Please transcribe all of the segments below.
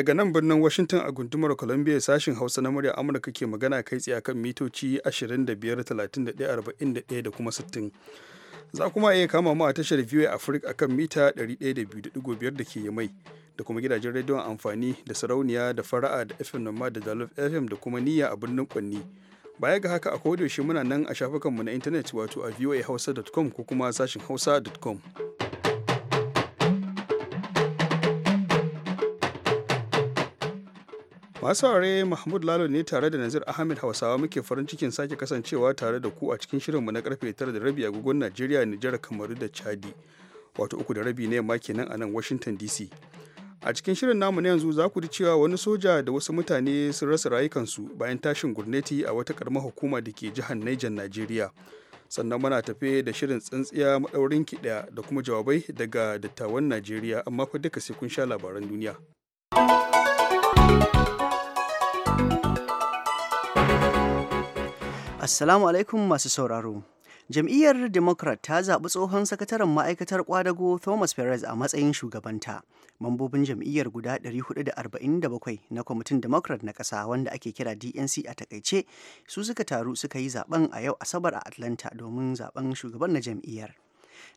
Daga nan birnin Washington a gundumar Columbia sashin Hausa na murya Amurka ke magana kai tsaye kan mitoci 25, 31, da kuma 60. Za kuma iya kama mu a tashar VOA Africa akan mita 102.5 da ke mai da kuma gidajen rediyon amfani da sarauniya da fara'a da FM Noma da Dalol FM da kuma niyya a birnin Kwanni. Baya ga haka a kodayaushe muna nan a shafukanmu na intanet wato a voahausa.com ko kuma sashin hausa.com. masu aure mahmud lalo ne tare da nazir ahmed hausawa muke farin cikin sake kasancewa tare da ku a cikin shirinmu na karfe 9 da rabi agogon najeriya nijar kamaru da chadi wato uku da rabi na yamma kenan a nan washington dc a cikin shirin namu na yanzu za ku ji cewa wani soja da wasu mutane sun rasa rayukansu bayan tashin gurneti a wata karamar hukuma da ke jihar niger najeriya sannan muna tafe da shirin tsintsiya maɗaurin kiɗa da kuma jawabai daga dattawan najeriya amma fa duka sai kun sha labaran duniya. Assalamu alaikum masu sauraro. Jam'iyyar Democrat ta zaɓi tsohon sakataren ma'aikatar kwadago Thomas Perez a matsayin shugabanta. Mambobin jam'iyyar guda 447 na kwamitin Democrat na ƙasa wanda ake kira DNC a takaice su suka taru suka yi zaben a yau Asabar a Atlanta domin zaben shugaban na jam'iyyar.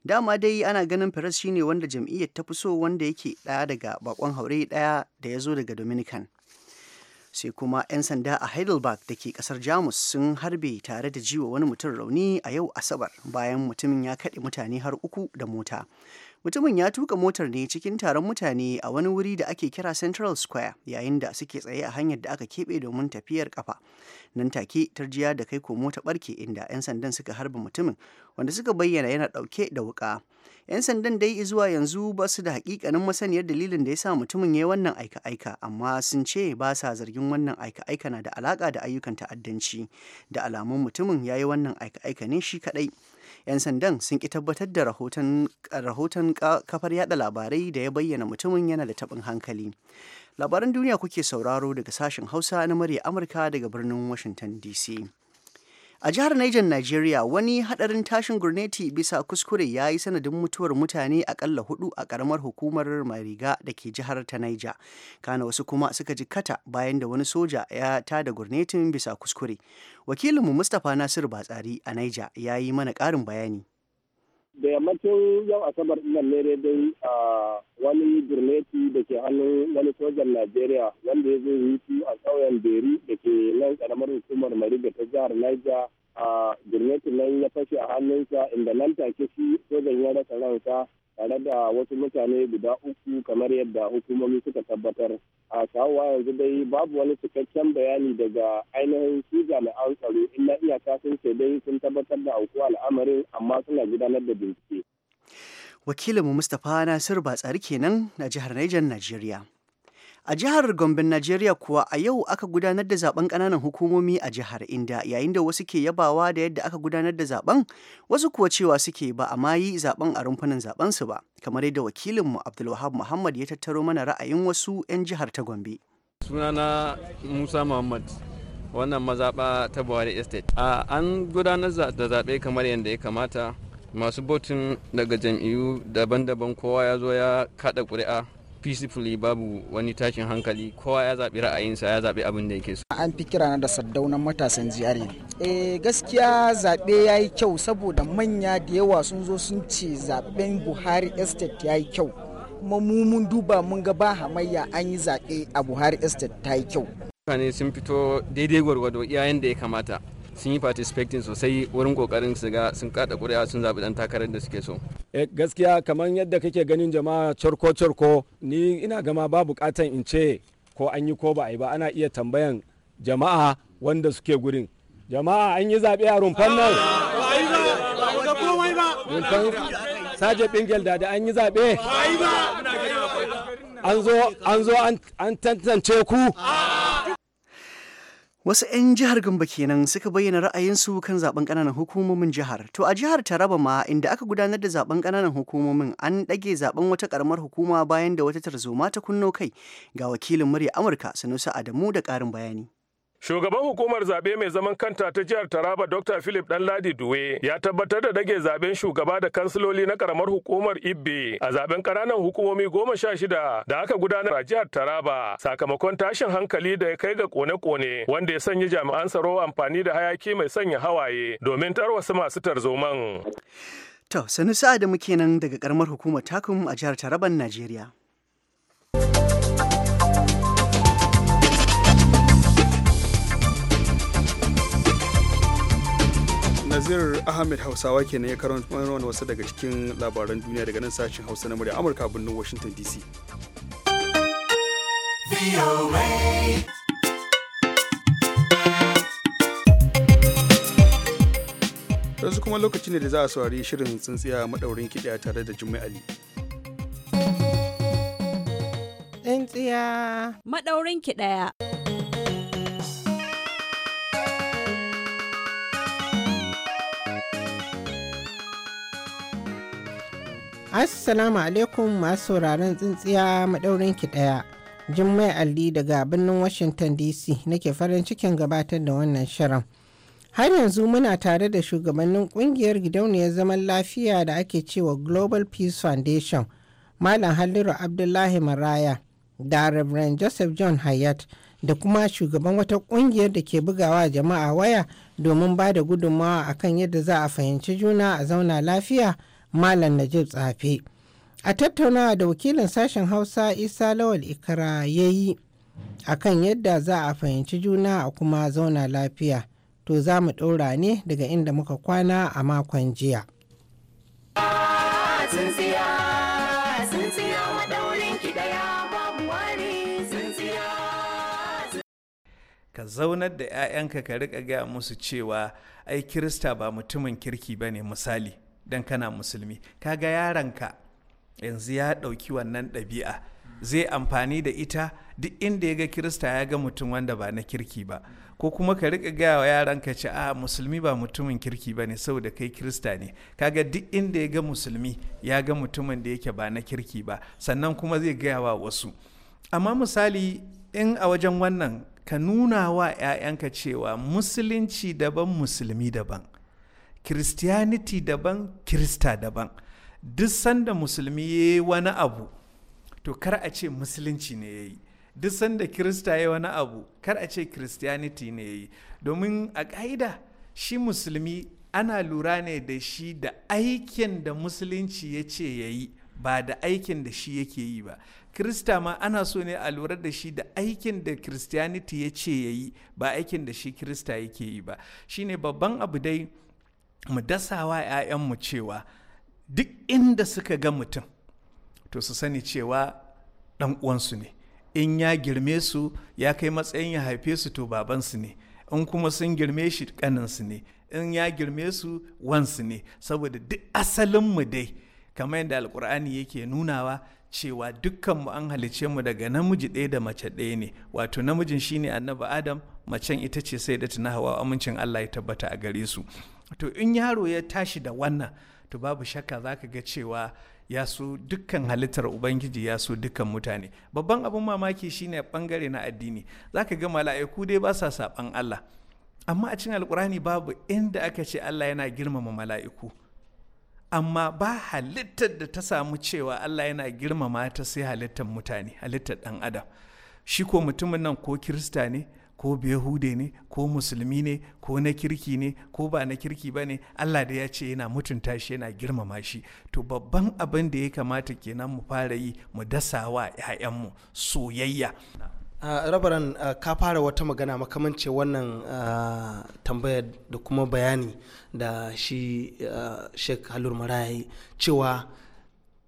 dama dai ana ganin Perez shine wanda jam'iyyar ta fi so wanda yake ɗaya daga bakon haure ɗaya da ya zo daga Dominican. sai kuma 'yan sanda a heidelberg da ke kasar jamus sun harbe tare da jiwa wani mutum rauni a yau asabar bayan mutumin ya kaɗe mutane har uku da mota mutumin ya tuka motar ne cikin taron mutane a wani wuri da ake kira central square yayin da suke tsaye a hanyar da aka keɓe domin tafiyar kafa nan take tarjiya da kai komo ta barke inda 'yan sandan suka harba mutumin wanda suka bayyana yana ɗauke da wuka 'Yan sandan dai zuwa yanzu ba su da hakikanin masaniyar dalilin da ya sa mutumin ya wannan aika-aika amma sun ce ba sa zargin wannan aika-aika na da alaka da ayyukan ta'addanci da alamun mutumin ya yi wannan aika-aika ne shi kadai. 'yan sandan sun ki tabbatar da rahoton kafar yada labarai da ya bayyana mutumin yana da taɓin hankali labaran duniya kuke sauraro daga sashen hausa na murya amurka daga birnin washington dc A jihar Niger Najeriya wani hadarin tashin gurneti bisa kuskure ya yi sanadin mutuwar mutane akalla hudu a karamar hukumar Mariga da ke jihar ta Niger. Kana wasu kuma suka ji kata bayan da wani soja ya tada gurnetin bisa kuskure. Wakilinmu Mustapha Nasiru Batsari a Niger ya yi mana ƙarin bayani. da yammacin yau asabar nan ne dai a wani birneti da ke hannun wani sojan najeriya wanda ya zo hutu a ƙauyen beri da ke nan karamar hukumar mariga ta jihar niger a birnetin nan ya fashe a hannunsa inda nan take shi sojan ya rasa ransa tare da wasu mutane guda uku kamar yadda hukumomi suka tabbatar a kawowa yanzu dai babu wani cikakken bayani daga ainihin su jami'an tsaro in iyaka sun ce dai sun tabbatar da aukuwa al'amarin amma suna gudanar da bincike wakilinmu mustapha nasir batsari kenan na jihar niger najeriya A jihar Gombin Najeriya kuwa a yau aka gudanar da zaben kananan hukumomi a jihar inda yayin da wasu ke yabawa da yadda aka gudanar da zaben wasu kuwa cewa suke ba a mayi zaben a rumfunan zaben su ba kamar yadda wakilinmu Abdulwahab Muhammad ya tattaro mana ra'ayin wasu 'yan jihar ta Gombe. Sunana Musa Muhammad wannan mazaɓa ta Buhari Estate. A an gudanar da zaɓe kamar yadda ya kamata masu botin daga jam'iyyu daban-daban kowa ya zo ya kaɗa ƙuri'a peacefully babu wani tashin hankali kowa ya zaɓi ra'ayinsa ya zaɓi abin da yake so an fi na da saddaunan matasan jiyare eh gaskiya zaɓe ya yi kyau saboda manya da yawa sun zo sun ce zaɓen buhari estate ya yi kyau kuma mu mun duba mun ga ba hamayya an yi zaɓe a buhari estate ta yi kyau mutane sun fito daidai gwargwado iyayen da ya kamata sun yi participating sosai wurin kokarin su ga sun kada kuri'a sun zaɓi dan takarar da suke so eh, gaskiya kamar yadda kake ganin jama'a charko charko ni ina gama ba bukatan in ce ko an yi ko ba a yi ba ana iya tambayan jama'a wanda suke gurin jama'a an yi zaɓe a rumfan nan rumfan saje bingel da da an yi zaɓe an zo an tantance ku Wasu 'yan jihar Gamba kenan suka bayyana ra'ayinsu kan zaben ƙananan hukumomin jihar. To a jihar Taraba ma inda aka gudanar da zaben ƙananan hukumomin an ɗage zaben wata ƙaramar hukuma bayan da wata tarzoma ta kunno kai ga wakilin murya Amurka Sanusi Adamu da ƙarin bayani. Shugaban hukumar zaɓe mai zaman kanta ta jihar Taraba Dr. Philip Danladi Duwe ya tabbatar da dage zaɓen shugaba da kansiloli na karamar hukumar Ibbe a zaɓen ƙananan hukumomi goma sha shida da aka gudanar a jihar Taraba sakamakon tashin hankali da ya kai ga kone-kone wanda ya sanya jami'an tsaro amfani da hayaki mai sanya hawaye domin tarwasa masu tarzoman. To, da muke nan daga ƙaramar hukumar Takum a jihar Taraban, Najeriya. nazir ahmed hausawa kenan ya karanta wani wasu daga cikin labaran duniya daga nan sashen hausa na murya amurka birnin washington dc yanzu kuma lokaci ne da za a saurari shirin tsintsiya maɗaurin kiɗa tare da jummai ali tsintsiya maɗaurin kiɗaya Assalamu alaikum masu sauraron tsintsiya maɗaurin ki daya Jummai Ali daga birnin Washington DC nake farin cikin gabatar da wannan shirin. Har yanzu muna tare da shugabannin kungiyar gidauniyar zaman lafiya da ake cewa Global Peace Foundation, Malam Halliru Abdullahi Maraya da Reverend Joseph John Hayat da kuma shugaban wata kungiyar da ke bugawa jama'a waya domin ba da gudunmawa akan yadda za a fahimci juna a zauna lafiya. Malam Najib Tsafe. A tattaunawa da wakilin sashen Hausa Isa Lawal Ikra ya yi a kan yadda za a fahimci juna a kuma zauna lafiya. To za mu ɗora ne daga inda muka kwana a makon jiya. ka zaunar da 'ya'yanka ka riƙa gaya musu cewa ai kirista ba mutumin kirki ba ne misali dan kana musulmi kaga yaran ka yanzu ya ɗauki wannan ɗabi'a zai amfani da ita duk inda ya ga kirista ya ga mutum wanda ba na kirki ba ko kuma ka riƙa gaya wa yaranka ce a musulmi ba mutumin kirki ba ne saboda kai kirista ne kaga duk inda ya ga musulmi ya ga mutumin da yake ba na kirki ba sannan kuma zai gaya wa wasu amma misali in a wajen wannan ka nuna wa 'ya'yanka cewa musulunci daban musulmi daban christianity daban krista daban duk sanda musulmi ya yi wani abu to kar a ce musulunci ne ya yi duk sanda kirista ya wani abu kar a ce christianity ne ya yi domin a ƙa'ida shi musulmi ana lura ne da shi da aikin da musulunci ya ce ya yi ba da aikin da shi yake yi ba krista ma ana so ne a lura da shi da aikin da christianity ya ce ya yi ba aikin da shi kirista yake yi ba shine babban abu dai mu dasawa 'ya'yanmu cewa duk inda suka ga mutum to su sani cewa ɗan uwansu ne in ya girme su ya kai matsayin ya haife su to babansu ne in kuma sun girme shi ƙaninsu ne in ya girme su wansu ne saboda duk asalinmu dai kamar yadda alkur'ani yake nunawa cewa dukkanmu an halice mu daga namiji ɗaya da mace ɗaya ne wato namijin shine annabi adam macen ita ce sai da tuna hawa amincin allah ya tabbata a gare su to in yaro ya tashi da wannan to babu shakka za ka ga cewa ya so dukkan halittar ubangiji ya so dukkan mutane babban abin mamaki shine bangare na addini za ka ga mala'iku dai ba sa saban allah amma a cikin alkurani babu inda aka ce allah yana girmama mala'iku amma ba halittar da ta samu cewa allah yana girmama ta sai halittar mutane halittar dan adam shi ko mutumin nan ko kirista ne ko Yahude ne ko musulmi ne ko na kirki ne ko ba na kirki ba ne Allah da ya ce yana mutunta shi yana girmama shi to babban abin da ya kamata kenan mu fara yi mu dasa wa 'ya'yanmu soyayya Uh, rabaran ka fara wata magana makamance wannan uh, da kuma bayani da shi sheik halur marayi cewa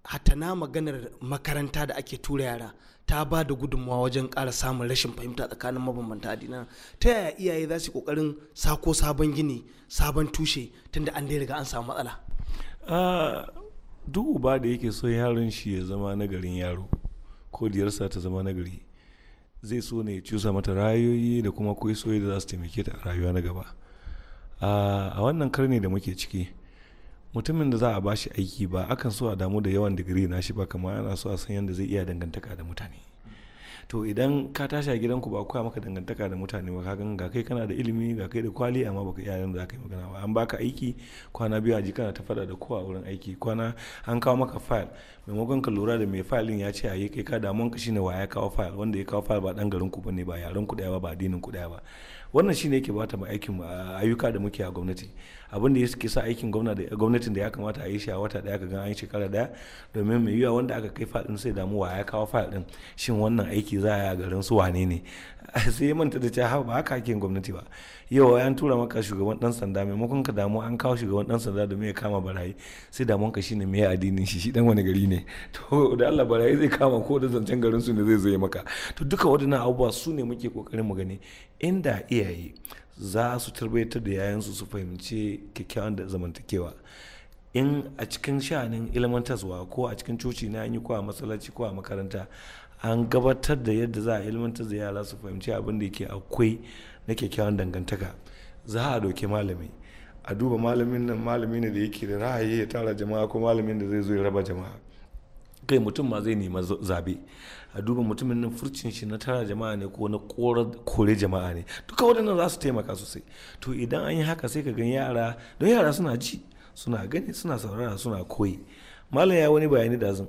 hatana maganar makaranta da ake tura yara ta ba da gudunmawa wajen kara samun rashin fahimta tsakanin mabambanta addinan ta yaya iyaye za su ƙoƙarin sako sabon gini sabon tushe tunda an dai riga an samu matsala ah, duk uba da yake so yaron shi ya zama nagarin yaro ko diyarsa ta zama nagari zai so ne ya cusa mata rayoyi da kuma koyi soyayya da za su taimake ta a rayuwa na gaba ah, a wannan karni da muke ciki mutumin da za a bashi aiki ba akan so a damu da yawan digiri na shi ba kamar ana so a san yadda zai iya dangantaka da mutane to idan ka tashi a gidanku ba koya maka dangantaka da mutane ba kagan ga kai kana da ilimi ga kai da kwali amma baka iya za zaka yi magana ba an baka aiki kwana biyu a ji kana ta fada da kowa wurin aiki kwana an kawo maka file maimakon ka lura da mai filin ya ce a yi kai ka damun ka shine waya kawo file wanda ya kawo file ba dan garin ku bane ba yaren ku daya ba ba addinin ku daya ba wannan shine yake bata mu aikin ayyuka da muke a gwamnati abin da ya suke sa aikin gwamnatin da ya kamata a yi shi a wata daya ka gan an shekara daya domin mai yiwuwa wanda aka kai faɗin sai damuwa ya kawo faɗin shin wannan aiki za a yi a garin su wane ne sai manta da cewa ba haka ake gwamnati ba yau an tura maka shugaban dan sanda maimakon ka damu an kawo shugaban dan sanda domin ya kama barayi sai damuwan ka shine me addinin shi shi dan wani gari ne to da Allah barayi zai kama ko da zancen garin su ne zai zai maka to duka wadannan abubuwa su ne muke kokarin mu gani inda iyaye za su tarbaitar da yayansu su fahimci kyakkyawan da zamantakewa in a cikin sha'anin ilmantarwa ko a cikin coci na yi ko a masallaci ko a makaranta an gabatar da yadda za a ilmantar da yara su fahimci abin da ke akwai na kyakkyawan dangantaka za a ɗauki malami a duba malamin nan malami ne da yake da ra'ayi ya tara jama'a ko malamin da zai zo ya raba jama'a kai mutum ma zai nema zabe a duba mutumin nan furcin shi na tara jama'a ne ko na kore jama'a ne duka waɗannan za su taimaka sosai to idan an yi haka sai ka gan yara don yara suna ji suna gani suna saurara suna koyi malam ya wani bayani da zan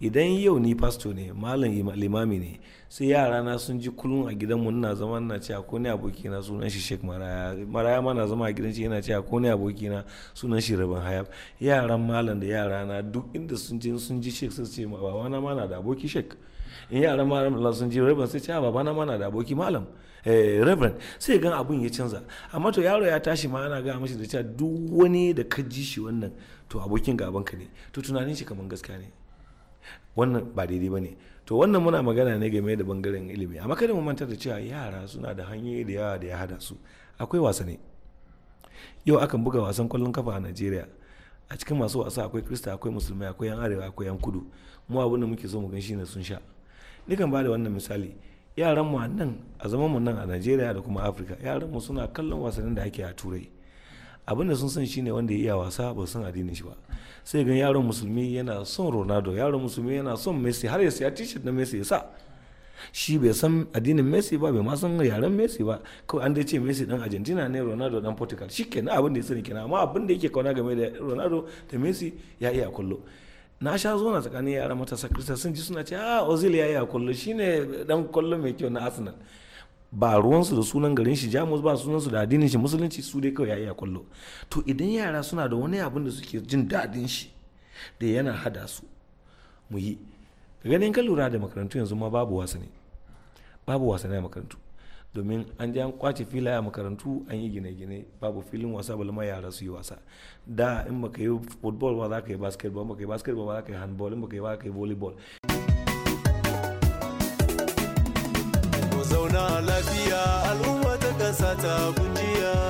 idan yau ni pasto ne malam limami ne sai yara na sun ji kullum a gidanmu na zama na ce ko ne aboki na sunan shi shek Maraya Maraya ma na zama a gidan shi yana ce ko ne aboki na sunan shi Rabin Hayab yaran malam da yara na duk inda sun ji sun ji shek sai ce ce baba na ma na da aboki shek. in yi yaran malam sun ji reverend sai ce a babana ma na da aboki malam eh, reverend sai gan abun ya canza amma to yaro ya tashi ma ana gaya mashi da cewa duk wani da ka ji shi wannan to abokin gaban ka ne to tunanin shi kamar gaskiya ne wannan ba daidai ba ne to wannan muna magana ne game da bangaren ilimi amma kada mu manta da cewa yara suna da hanyoyi da yawa da ya hada su akwai ne yau akan buga wasan kwallon kafa a najeriya a cikin masu wasa akwai krista akwai musulmai akwai yan arewa akwai yan kudu mu abin da muke so mu gan shi ne sun sha nikan ba da wannan misali yaran mu nan a zaman mu nan a Najeriya da kuma Afirka yaran mu suna kallon wasannin da ake a Turai abin da sun san shine wanda ya iya wasa ba san addinin shi ba sai ga yaron musulmi yana son Ronaldo yaron musulmi yana son Messi har ya siya t-shirt na Messi ya sa shi bai san addinin Messi ba bai ma san yaren Messi ba kawai an dai ce Messi dan Argentina ne Ronaldo dan Portugal shikenan abin da ya sani kenan amma abin da yake kauna game da Ronaldo da Messi ya iya kullo na sha zona tsakanin yara matasa kirista sun ji suna ce a ah, ozil ya yi a kwallo shine dan kwallo mai kyau na arsenal ba ruwansu da sunan garin shi jamus ba sunansu da addinin shi musulunci su dai kawai ya yi a kwallo to idan yara suna da wani abin da suke jin daɗin shi da yana hada su mu yi ganin ka lura da makarantu yanzu ma babu ne babu wasa a makarantu domin an je an kwace filaye a makarantu an yi gine-gine babu filin wasa ma yara su yi wasa da in baka yi football ba za ka yi basketball baka yi basketball ba za ka yi handball in baka yi ba ka yi volleyball zauna lafiya al'umma ta kasa ta gujiya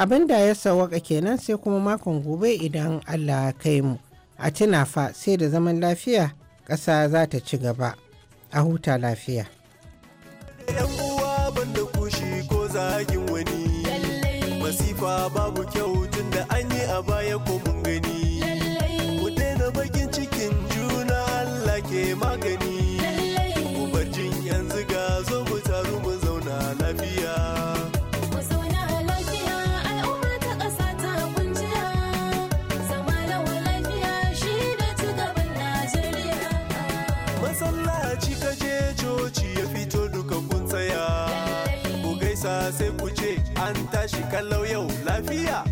abin da ya sawaka kenan sai kuma makon gobe idan allah kai mu a tuna sai da zaman lafiya ƙasa za ta ci gaba a huta lafiya masifa babu kyau tun da an yi a baya ko sai ku ce an tashi kallau yau lafiya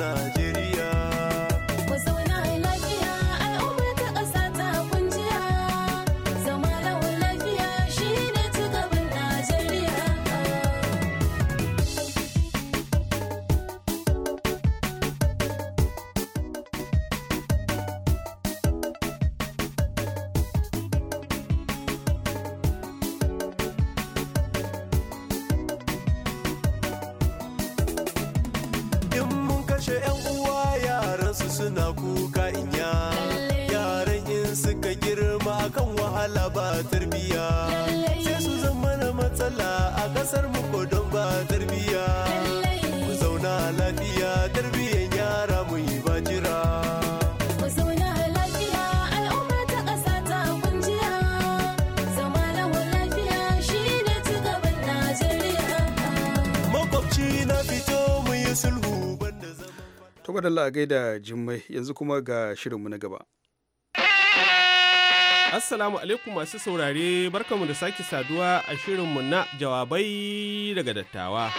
Najeriya To madalla a gaida jimmai yanzu kuma ga shirinmu na gaba. Assalamu alaikum masu saurare barkamu da sake saduwa a shirinmu na jawabai daga dattawa.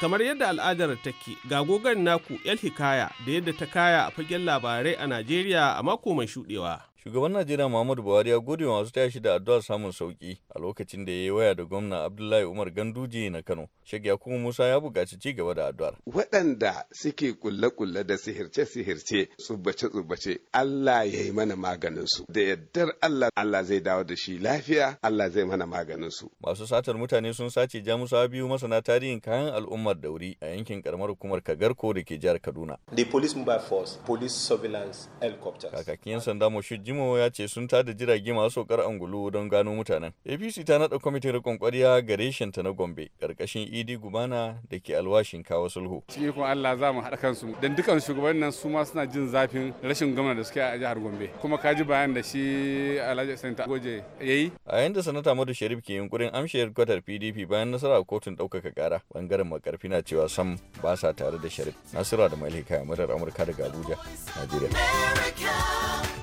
Kamar yadda al'adar take ga gogon naku 'yar Hikaya da yadda ta kaya a fagen labarai a Najeriya a mako mai shuɗewa. Shugaban Najeriya Muhammadu Buhari ya gode wa masu tashi da addu'a samun sauki a lokacin da ya yi waya da gwamna Abdullahi Umar Ganduje na Kano. Shek kuma Musa ya buƙaci ci gaba da addu'a. Waɗanda suke kulle-kulle da sihirce-sihirce, tsubbace-tsubbace, Allah ya yi mana maganin su. Da yaddar Allah, Allah zai dawo da shi lafiya, Allah zai mana maganin su. Masu satar mutane sun sace Jamusawa biyu masana tarihin kayan al'ummar da wuri a yankin karamar hukumar Kagarko da ke jihar Kaduna. The police mobile force, police surveillance helicopters. Kakakin sanda Moshid Ajimawa ya ce sun tada jirage masu sokar angulu don gano mutanen. APC ta naɗa kwamitin riƙon ƙwarya ga ta na Gombe karkashin ED Gubana da ke alwashin kawo sulhu. Cikin kuma Allah za mu haɗa kansu don dukkan shugabannin nan su ma suna jin zafin rashin gwamna da suke a jihar Gombe. Kuma ka ji bayan da shi Alhaji ta Goje ya A yayin da sanata Madu Sharif ke yunkurin amshe kwatar PDP bayan nasara a kotun ɗaukaka ƙara ɓangaren makarfi na cewa sam ba sa tare da Sharif. Nasira da Malika Murar Amurka daga Abuja, Najeriya.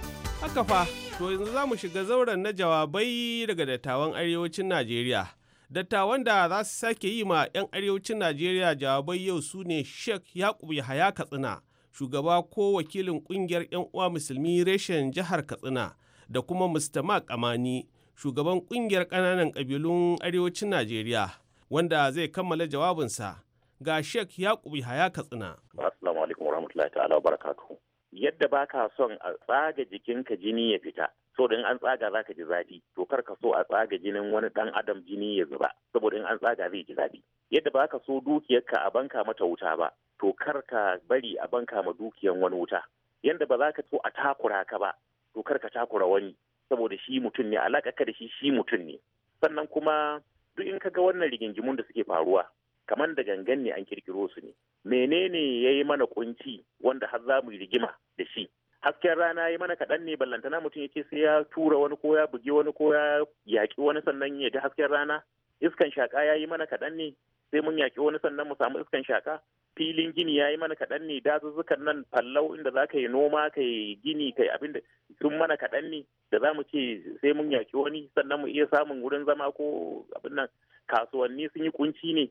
haka fa, to yanzu za mu shiga zauren na jawabai daga dattawan arewacin Najeriya. Dattawan da za su sake yi ma 'yan arewacin Najeriya jawabai yau su ne Sheikh Yakubu Yahaya Katsina, shugaba ko wakilin kungiyar 'yan uwa musulmi reshen jihar Katsina, da kuma Mr. Mark Amani, shugaban kungiyar ƙananan ƙabilun arewacin Najeriya, wanda zai kammala jawabinsa ga Sheikh Yakubu Yahaya Katsina. Assalamu alaikum yadda ba ka son a tsaga jikinka jini ya fita so in an tsaga za ka ji zafi to kar ka so a tsaga jinin wani dan adam jini ya zuba saboda in an tsaga zai ji zafi yadda ba ka so dukiyarka a banka mata wuta ba to kar ka bari a banka ma dukiyan wani wuta yadda ba za ka so a takura ka ba to kar ka takura wani saboda shi mutum ne alaƙa ka da shi shi mutum ne sannan kuma duk in ka ga wannan rigingimun da suke faruwa kamar da gangan ne an kirkiro su ne menene ya yi mana kunci wanda har za mu yi rigima da shi hasken rana ya yi mana kaɗan ne ballantana mutum ya ce sai ya tura wani ko ya bugi wani ko ya yaƙi wani sannan ya ji hasken rana iskan shaƙa ya yi mana kaɗan ne sai mun yaƙi wani sannan mu samu iskan shaƙa filin gini ya yi mana kaɗan ne dazuzzukan nan fallau inda za ka yi noma ka yi gini ka yi abin da sun mana kaɗan ne da za mu ce sai mun yaƙi wani sannan mu iya samun wurin zama ko abin nan kasuwanni sun yi kunci ne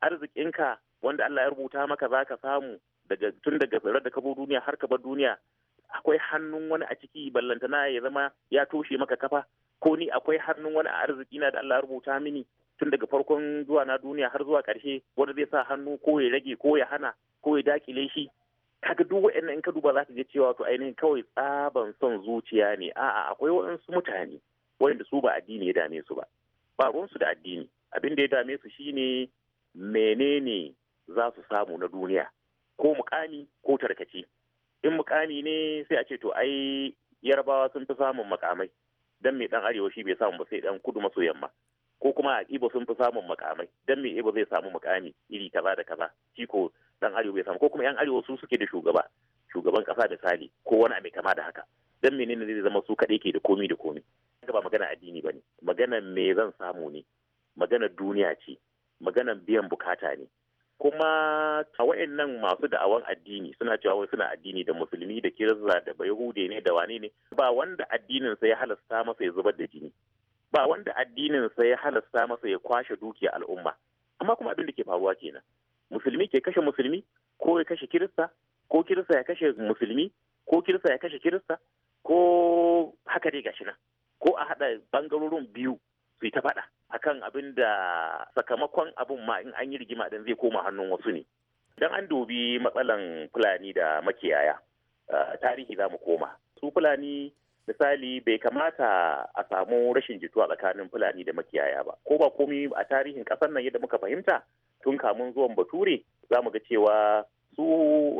arzikinka wanda Allah ya rubuta maka za ka samu daga tun daga tsirar da ka bo duniya har ka bar duniya akwai hannun wani a ciki ballantana ya zama ya toshe maka kafa ko ni akwai hannun wani a arziki na da Allah ya rubuta mini tun daga farkon zuwa na duniya har zuwa ƙarshe wanda zai sa hannu ko ya rage ko ya hana ko ya dakile shi kaga duk waɗannan in ka duba za ka je cewa to ainihin kawai tsaban son zuciya ne a'a akwai waɗansu mutane wanda su ba addini ya dame su ba ba ruwansu da addini abin da ya dame su shine menene za su samu na duniya ko mukami ko tarkace in mukami ne sai a ce to ai yarbawa sun fi samun makamai dan mai dan arewa shi bai samu ba sai dan kudu maso yamma ko kuma a ibo sun fi samun makamai dan mai ibo zai samu mukami iri kaza da kaza shi ko dan arewa bai samu ko kuma yan arewa su suke da shugaba shugaban kasa da sali ko wani abu kama da haka dan menene zai zama su kaɗai ke da komi da komi ba magana addini ba ne. magana me zan samu ne magana duniya ce maganan biyan bukata ne kuma a wa'annan masu da'awan addini suna cewa wai suna addini da musulmi da kirista da yahude ne da wane ne ba wanda addinin sai ya halasta masa ya zubar da jini ba wanda addinin sai ya halasta masa ya kwashe dukiya al'umma amma kuma abin da ke faruwa kenan musulmi ke kashe musulmi ko ya kashe kirista ko kirista ya kashe musulmi ko kirista ya kashe kirista ko haka dai gashi nan ko a haɗa bangarorin biyu su ta faɗa akan abin da sakamakon abin ma in an yi rigima dan zai koma hannun wasu ne dan an dubi matsalan fulani da makiyaya eh, tarihi za mu koma su fulani misali bai kamata a samu rashin jituwa tsakanin fulani da makiyaya ba ko ba komi a tarihin ƙasar nan yadda muka fahimta tun kamun zuwan bature za mu ga cewa su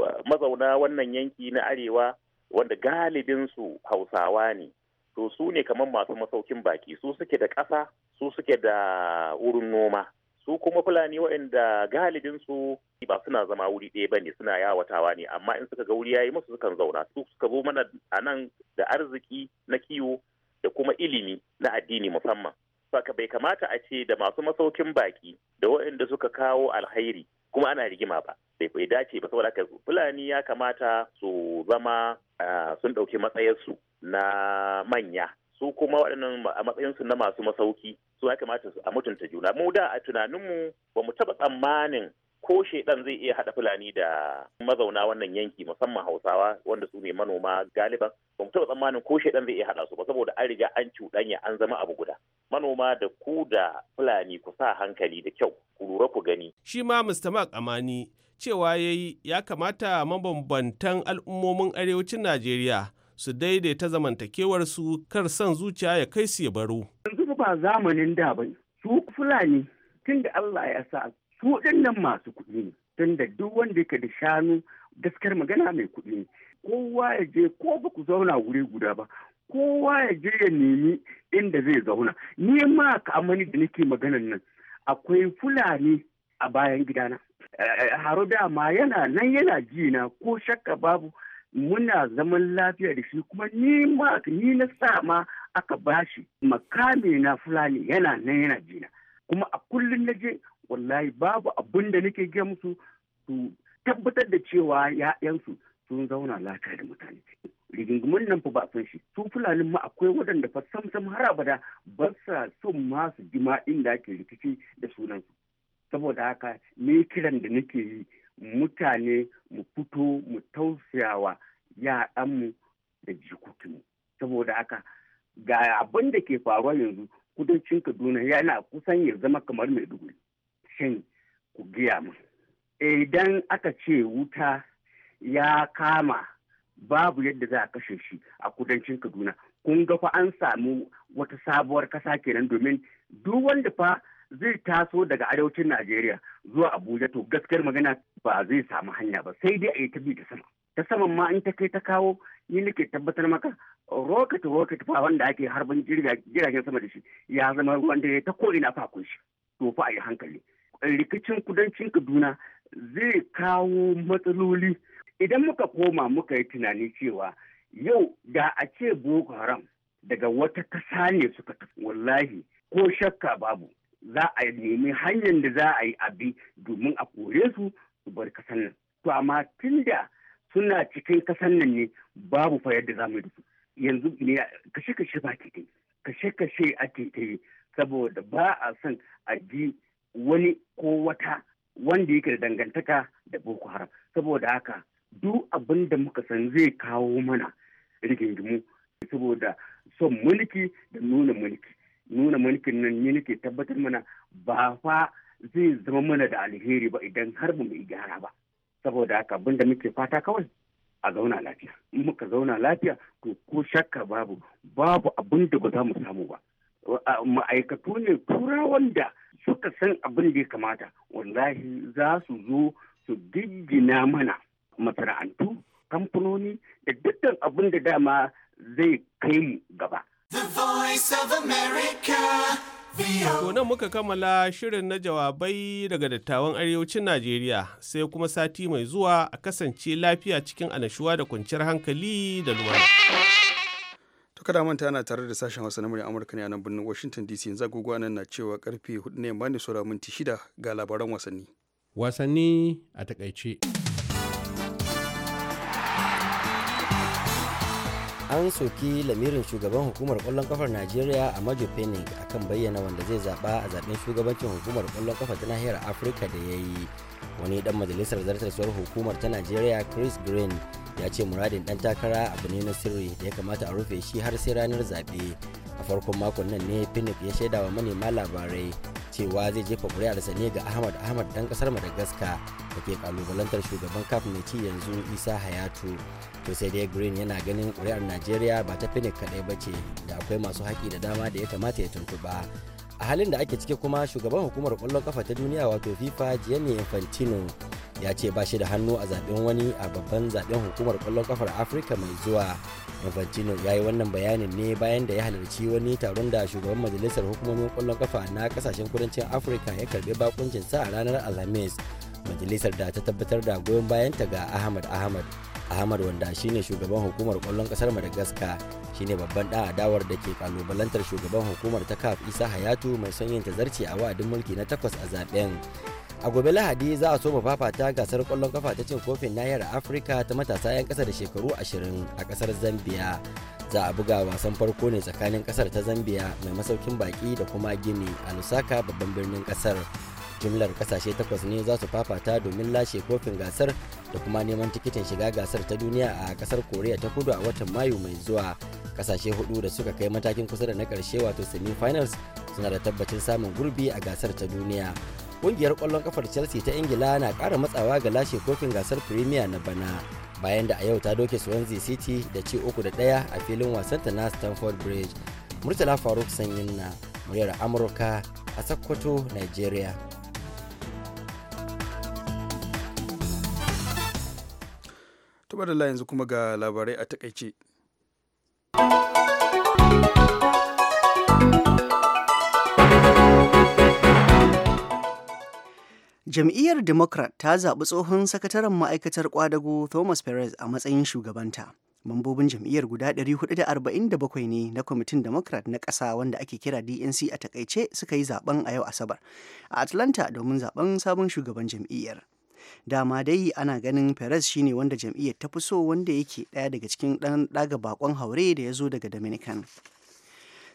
eh, mazauna wannan yanki na arewa wanda galibinsu hausawa ne to su ne kamar masu masaukin baki su suke da ƙasa su suke da wurin noma su kuma fulani waɗanda galibin su ba suna zama wuri ɗaya ba ne suna yawatawa ne amma in suka ga wuri yayi musu sukan zauna su suka zo mana a nan da arziki na kiwo da kuma ilimi na addini musamman saka bai kamata a ce da masu masaukin baki da waɗanda suka kawo alhairi kuma ana rigima ba bai dace ba saboda fulani ya kamata su zama ah, sun ɗauki matsayarsu na manya su kuma waɗannan a matsayinsu na masu masauki su ya kamata a mutunta juna mu da a tunaninmu ba mu taɓa tsammanin ko shaidan zai iya haɗa fulani da mazauna wannan yanki musamman hausawa wanda su ne manoma galiban ba mu taɓa tsammanin ko shaidan zai iya haɗa su ba saboda an riga an cuɗanya an zama abu guda manoma da ku da fulani ku sa hankali da kyau ku lura ku gani shi ma Mr. Mark Amani cewa yayi ya kamata mabambantan al'ummomin arewacin Najeriya su daidaita su. kar san zuciya ya kai su ya baro. Yanzu ba zamanin da ba su Fulani tun da Allah ya sa su dinnan masu kuɗi ne tun da duk wanda yake da shanu gaskar magana mai kuɗi ne kowa ya je ko ba ku zauna wuri guda ba kowa ya je ya nemi inda zai zauna ni ma ka amani da nake maganan nan akwai Fulani a bayan gidana. Eh, eh, haro dama yana nan yana jina ko shakka babu muna zaman lafiya da shi kuma ni ma ni na sa ma aka bashi makami na fulani yana nan yana jina kuma a kullum na je wallahi babu abin da nake gaya musu su tabbatar da cewa ya'yansu sun zauna lafiya da mutane rigingimin nan fa ba san shi su fulanin ma akwai waɗanda fa sam sam har abada ba sa son ma su ji ake rikici da sunansu saboda haka ni kiran da nake yi mutane mu fito mu tausayawa yaɗanmu da jikokinmu saboda haka ga abin da ke faruwa yanzu kudancin kaduna yana kusan ya zama kamar maiduguri shin ku giya mu idan aka ce wuta ya kama babu yadda za a kashe shi a kudancin kaduna kun ga fa an samu wata sabuwar kasa kenan domin duk wanda fa zai taso daga arewacin Najeriya zuwa Abuja to gaskiyar magana ba zai samu hanya ba sai dai a yi ta bi ta sama. Ta saman ma in ta kai ta kawo ni nake tabbatar maka rocket rocket fa wanda ake harbin jiragen sama da shi ya zama ruwan dare ta ko ina fa kun shi to fa a yi hankali. Rikicin kudancin Kaduna zai kawo matsaloli idan muka koma muka yi tunani cewa yau da a ce Boko Haram daga wata kasa ne suka wallahi ko shakka babu za a nemi hanyar da za a yi abi domin a kore su su bar kasan nan to amma tun da suna cikin kasan nan ne babu fa yadda za mu yi da su yanzu ne kashe-kashe ba ke kashe-kashe a ta saboda ba a son a ji wani ko wata wanda yake da dangantaka da boko haram saboda haka duk abin da muka san zai kawo mana rigingimu saboda son mulki da nuna mulki nuna mulkin nan ni nake tabbatar mana ba fa zai zama mana da alheri ba idan har ba mu yi gyara ba saboda haka abin muke fata kawai a zauna lafiya in muka zauna lafiya to ko shakka babu babu abin da ba za mu samu ba ma'aikatu ne turawan da suka san abin da ya kamata wallahi za su zo su giggina mana masana'antu kamfanoni da dukkan abin da dama zai kai mu gaba Voice of America. To nan muka kammala shirin na jawabai daga dattawan arewacin Najeriya sai kuma sati mai zuwa a kasance lafiya cikin anashuwa da kwanciyar hankali da lumana. To manta ana tare da sashen Hausa na murya Amurka ne a nan birnin Washington DC yanzu agogo nan na cewa karfe 4 ne yamma ne minti 6 ga labaran wasanni. Wasanni a takaice. an soki lamirin shugaban hukumar kwallon kafar najeriya a majo a akan bayyana wanda zai zaba a zaben shugabancin hukumar kwallon kafa ta nahiyar afirka da ya yi wani dan majalisar zartaswar hukumar ta najeriya chris green ya ce muradin dan takara abu ne na sirri da ya kamata a rufe shi har sai ranar zaɓe a farkon makon nan ne pinnip ya shaida wa manema labarai cewa zai jefa kuri'arsa ne ga ahmad ahmad dan kasar madagascar da ke kalubalantar shugaban kaf mai ci yanzu isa hayatu to sai dai green yana ganin kuri'ar najeriya ba ta pinnip kadai ba ce da akwai masu haƙi da dama da ya kamata ya tuntuɓa a halin da ake ciki kuma shugaban hukumar kwallon kafa ta duniya wato fifa gianni infantino ya ce ba shi da hannu a zaben wani a babban zaben hukumar kwallon kafar afirka mai zuwa infantino ya yi wannan bayanin ne bayan da ya halarci wani taron da shugaban majalisar hukumomin kwallon kafa na kasashen kudancin afirka ya karbi bakuncinsa a ranar alhamis majalisar da ta tabbatar da goyon bayanta ga ahmad ahmad ahmad wanda shine shugaban hukumar kwallon kasar madagascar shine babban ɗan adawar da ke kalubalantar shugaban hukumar ta kaf isa hayatu mai son yin tazarci a wa'adin mulki na takwas a zaben a gobe lahadi za a so fafata gasar kwallon kafa ta cin kofin nahiyar afirka ta matasa 'yan kasa da shekaru 20 a kasar zambia za a buga wasan farko ne tsakanin kasar ta zambia mai masaukin baki da kuma gini a lusaka babban birnin kasar jumlar kasashe takwas ne za su fafata domin lashe kofin gasar da kuma neman tikitin shiga gasar ta duniya a kasar koriya ta kudu a watan mayu mai zuwa kasashe hudu da suka kai matakin kusa da na karshe wato semi-finals suna da tabbacin samun gurbi a gasar ta duniya kungiyar kwallon kafar chelsea ta ingila na kara matsawa ga lashe kofin gasar premier na bana bayan da a yau ta doke swansea city da ci uku da daya a filin wasan ta na stamford bridge murtala faruk sanyin na muryar amurka a sakkwato nigeria tuba yanzu kuma ga labarai a takaice Jam'iyyar Democrat ta zaɓi tsohon sakataren ma'aikatar kwadago Thomas Perez a matsayin shugabanta. Mambobin jam'iyyar guda 447 ne na kwamitin Democrat na ƙasa wanda ake kira DNC a takaice suka yi zaben a yau Asabar a Atlanta domin zaben sabon shugaban jam'iyyar. Dama dai ana ganin Perez shine wanda jam'iyyar ta fi so wanda yake ɗaya daga cikin ɗan ɗaga bakon haure da ya zo daga Dominican.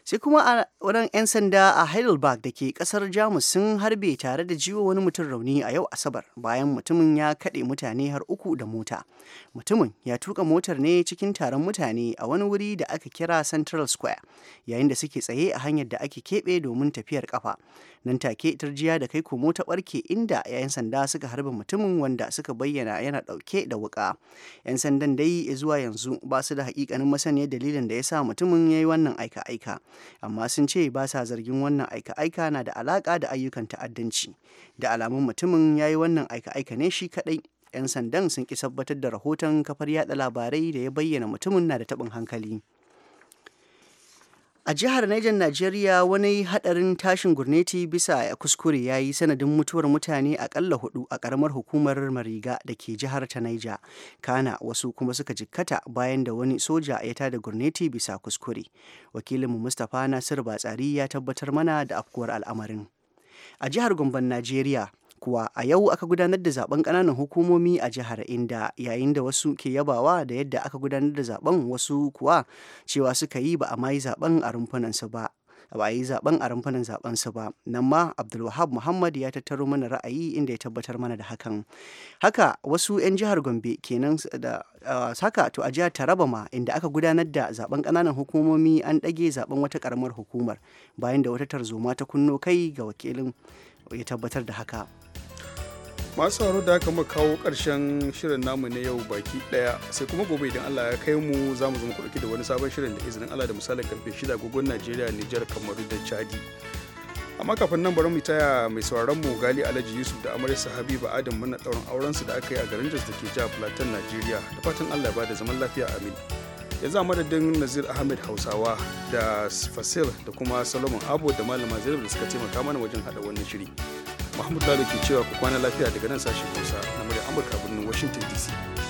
sai kuma a wurin 'yan sanda a heidelberg da ke kasar jamus sun harbe tare da jiwo wani mutum rauni a yau asabar bayan mutumin ya kaɗe mutane har uku da mota mutumin ya tuka motar ne cikin taron mutane a wani wuri da aka kira central square yayin da suke tsaye a hanyar da ake keɓe domin tafiyar kafa nan take turjiya da kai komo ta barke inda 'yan sanda suka harba mutumin wanda suka bayyana yana dauke da wuka 'yan sandan dai zuwa yanzu ba su da hakikanin masaniyar dalilin da ya sa mutumin ya yi wannan aika-aika amma sun ce ba sa zargin wannan aika-aika na da alaka da ayyukan ta'addanci da alamun mutumin ya yi wannan aika-aika ne shi kadai 'yan sandan sun ki tabbatar da rahoton kafar yada labarai da ya bayyana mutumin na da taɓin hankali. A jihar Niger Najeriya wani hadarin tashin gurneti bisa ya kuskure ya yi sanadin mutuwar mutane akalla hudu a karamar hukumar Mariga da ke jihar ta Niger. Kana wasu kuma suka jikkata bayan da wani soja ya tada gurneti bisa kuskure. Wakilinmu Mustapha Nasir Batsari ya tabbatar mana da afkuwar al'amarin. A jihar Gombe Najeriya kuwa a yau aka gudanar da zaben kananan hukumomi a jihar inda yayin da wasu ke yabawa da yadda aka gudanar da zaben wasu kuwa cewa suka yi ba a ma yi zaben a rumfunansu ba ba a yi zaben a rumfunan zaben su ba nan ma abdulwahab muhammad ya tattaro mana ra'ayi inda ya tabbatar mana da hakan haka wasu 'yan jihar gombe kenan da haka to a jihar taraba ma inda aka gudanar da zaben kananan hukumomi an ɗage zaben wata karamar hukumar bayan da wata tarzoma ta kunno kai ga wakilin ya tabbatar da haka masu haro da aka kawo karshen shirin namu na yau baki daya sai kuma gobe idan Allah ya kai mu za mu zama ku da wani sabon shirin da izinin Allah da misalin karfe shida agogon Najeriya Nijar Kamaru da Chadi amma kafin nan bari mu taya mai sauraron mu Gali Alhaji Yusuf da su Habiba Adam muna dauran auren su da aka yi a garin Jos da ke jihar Plateau Najeriya da fatan Allah ya bada zaman lafiya amin yanzu a madadin Nazir Ahmed Hausawa da Fasil da kuma salomon abu da Malama Zainab da suka taimaka mana wajen hada wannan shiri. mahmud lalo ke cewa ku kwana lafiya daga nan sashen hausa na murya amurka birnin washington dc